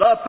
La